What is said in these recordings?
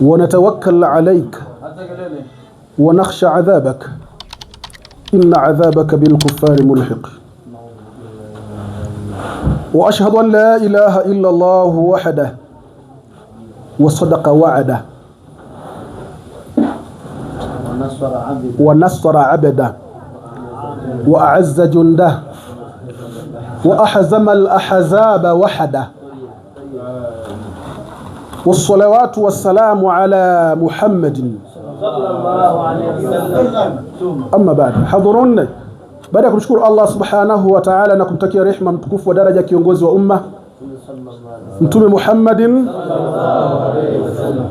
ونتوكل عليك ونخشى عذابك إن عذابك بالكفار ملحق وأشهد أن لا إله إلا الله وحده وصدق وعده ونصر عبده وأعز جنده وأحزم الأحزاب وحده wassalawatu wassalamu ala Muhammadin sallallahu alayhi wasallam. Amma baada, hadhurun, baada ya kumshukuru Allah subhanahu wa ta'ala na kumtakia rehma mtukufu wa daraja kiongozi wa umma Mtume Muhammadin sallallahu alayhi wasallam.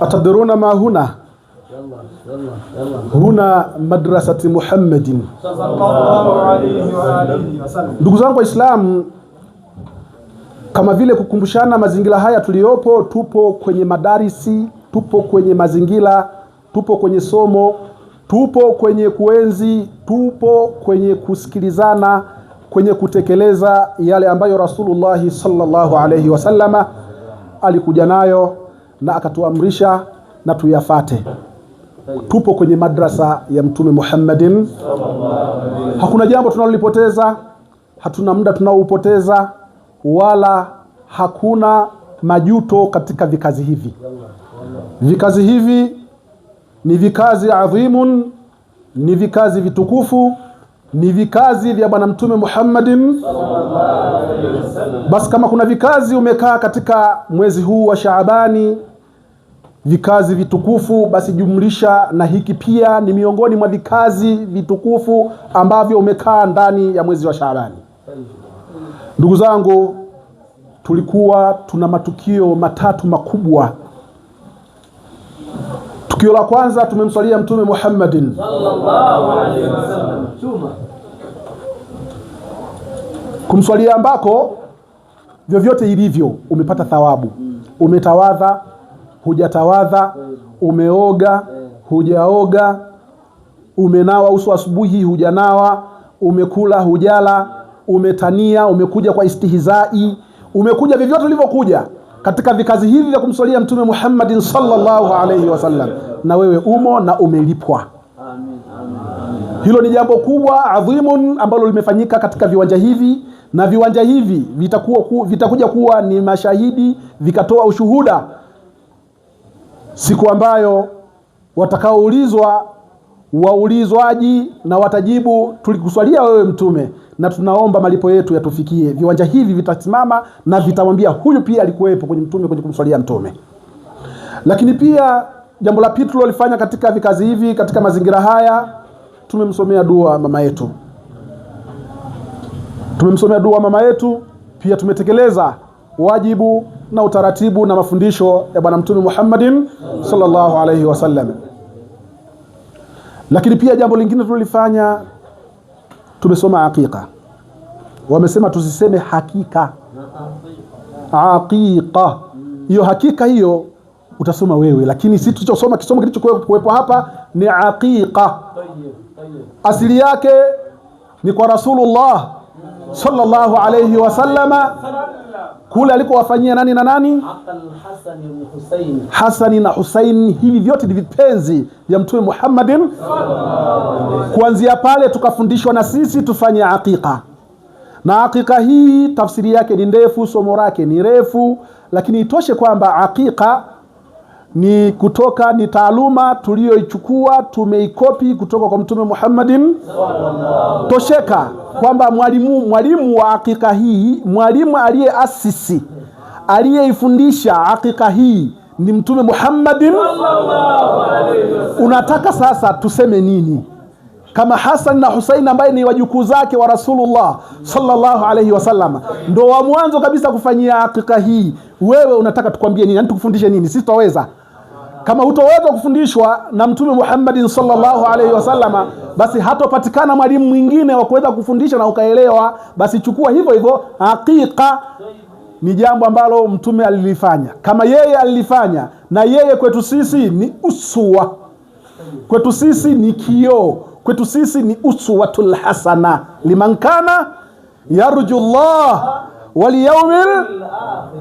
Atadruna ma huna huna madrasati Muhammadin sallallahu alayhi wasallam. Ndugu zangu Waislamu kama vile kukumbushana mazingira haya tuliyopo, tupo kwenye madarisi, tupo kwenye mazingira, tupo kwenye somo, tupo kwenye kuenzi, tupo kwenye kusikilizana, kwenye kutekeleza yale ambayo Rasulullahi sallallahu alaihi wasallama alikuja nayo na akatuamrisha na tuyafate. Tupo kwenye madrasa ya Mtume Muhammadin, hakuna jambo tunalolipoteza, hatuna muda tunaoupoteza wala hakuna majuto katika vikazi hivi. Vikazi hivi ni vikazi adhimun, ni vikazi vitukufu, ni vikazi vya Bwana Mtume Muhammadin. Basi kama kuna vikazi umekaa katika mwezi huu wa Shaabani, vikazi vitukufu, basi jumlisha na hiki pia ni miongoni mwa vikazi vitukufu ambavyo umekaa ndani ya mwezi wa Shaabani. Ndugu zangu, tulikuwa tuna matukio matatu makubwa. Tukio la kwanza tumemswalia Mtume Muhammadin sallallahu alaihi wasallam, kumswalia ambako vyovyote ilivyo umepata thawabu, umetawadha, hujatawadha, umeoga, hujaoga, umenawa uso asubuhi, hujanawa, umekula, hujala umetania, umekuja kwa istihizai, umekuja vyovyote ulivyokuja katika vikazi hivi vya kumswalia Mtume Muhammadin sallallahu alaihi wasallam, na wewe umo na umelipwa. Hilo ni jambo kubwa adhimun ambalo limefanyika katika viwanja hivi, na viwanja hivi vitakuwa ku, vitakuja kuwa ni mashahidi vikatoa ushuhuda siku ambayo watakaoulizwa waulizwaji na watajibu, tulikuswalia wewe Mtume na tunaomba malipo yetu yatufikie. Viwanja hivi vitasimama na vitamwambia huyu pia alikuwepo kwenye mtume, kwenye kumswalia mtume. Lakini pia jambo la pili tulilofanya katika vikazi hivi, katika mazingira haya, tumemsomea dua mama yetu, tumemsomea dua mama yetu. Pia tumetekeleza wajibu na utaratibu na mafundisho ya Bwana Mtume Muhammadin sallallahu alaihi wasallam. Lakini pia jambo lingine tulilifanya tumesoma aqiqa, wamesema tusiseme hakika, aqiqa hiyo hakika hiyo utasoma wewe, lakini si tulichosoma, kisomo kilichokuwepo hapa ni aqiqa, asili yake ni kwa Rasulullah sallallahu alayhi wasallama kule alikowafanyia nani na nani, Hasani na Husaini. Hivi vyote ni vipenzi vya Mtume Muhammadin. Kuanzia pale tukafundishwa na sisi tufanye aqiqa, na aqiqa hii tafsiri yake ni ndefu, somo lake ni refu, lakini itoshe kwamba aqiqa ni kutoka ni taaluma tuliyoichukua tumeikopi kutoka kwa Mtume Muhammadin. Tosheka kwamba mwalimu mwalimu wa akika hii, mwalimu aliyeasisi aliyeifundisha akika hii ni Mtume Muhammadin. Unataka sasa tuseme nini? Kama Hasan na Husain ambaye ni wajukuu zake wa Rasulullah sallallahu alaihi wasallam ndo wa mwanzo kabisa kufanyia akika hii, wewe unataka tukwambie nini? Yani tukufundishe nini? Sisi tutaweza kama hutoweza kufundishwa na Mtume Muhammadin sallallahu alaihi wasallama, basi hatopatikana mwalimu mwingine wa kuweza kufundisha na ukaelewa, basi chukua hivyo hivyo. Hakika ni jambo ambalo Mtume alilifanya, kama yeye alilifanya, na yeye kwetu sisi ni uswa, kwetu sisi ni kioo, kwetu sisi ni uswatul hasana liman kana yarju llah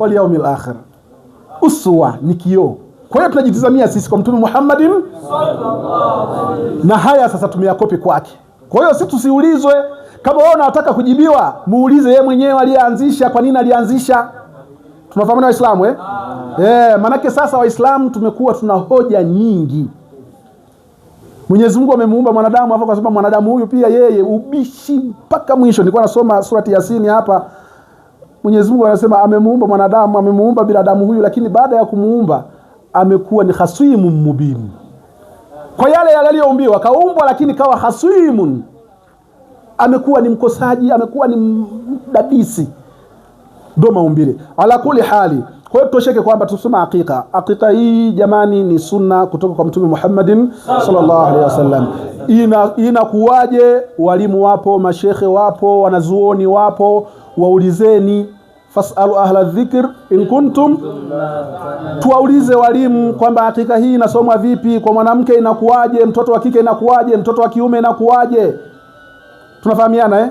yawmil akhir. Uswa ni kioo kwa hiyo tunajitizamia sisi kwa Mtume Muhammadin, na haya sasa tumeyakopi kwake. Kwa hiyo si tusiulizwe, kama wewe unataka kujibiwa, muulize yeye mwenyewe aliyeanzisha. Kwa nini alianzisha? Tunafahamu na Waislamu eh? Ah. Eh, manake sasa Waislamu tumekuwa tuna hoja nyingi. Mwenyezi Mungu amemuumba mwanadamu hapo, kwa sababu mwanadamu huyu pia yeye ubishi mpaka mwisho. Nilikuwa nasoma surati Yasini hapa, Mwenyezi Mungu anasema amemuumba mwanadamu, amemuumba binadamu huyu, lakini baada ya kumuumba amekuwa ni khasimu mubin kwa yale yaliyoumbiwa, kaumbwa lakini kawa khasimun, amekuwa ni mkosaji, amekuwa ni mdadisi, ndo maumbile. Ala kuli hali, kwa hiyo tutosheke kwamba tusema akika. Akika hii jamani, ni sunna kutoka kwa Mtume Muhammadin sallallahu alaihi wasallam. Inakuwaje? Ina walimu wapo, mashekhe wapo, wanazuoni wapo, waulizeni fasalu ahla dhikr in kuntum, tuwaulize walimu kwamba hakika hii inasomwa vipi, kwa mwanamke inakuwaje, mtoto wa kike inakuwaje, mtoto wa kiume inakuwaje? Tunafahamiana eh?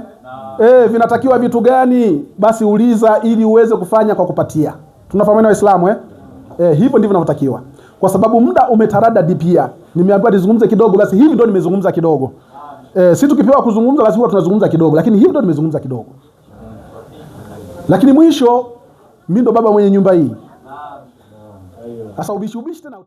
Eh, vinatakiwa vitu gani? Basi uliza ili uweze kufanya kwa kupatia. Tunafahamiana Waislamu eh? Eh, hivyo ndivyo vinavyotakiwa, kwa sababu muda umetaradadi. Pia nimeambiwa nizungumze kidogo, basi hivi ndio nimezungumza kidogo. Eh, si tukipewa kuzungumza, lazima tunazungumza kidogo, lakini hivi ndio nimezungumza kidogo. Lakini mwisho mimi ndo baba mwenye nyumba hii. Sasa ubishi ubishi tena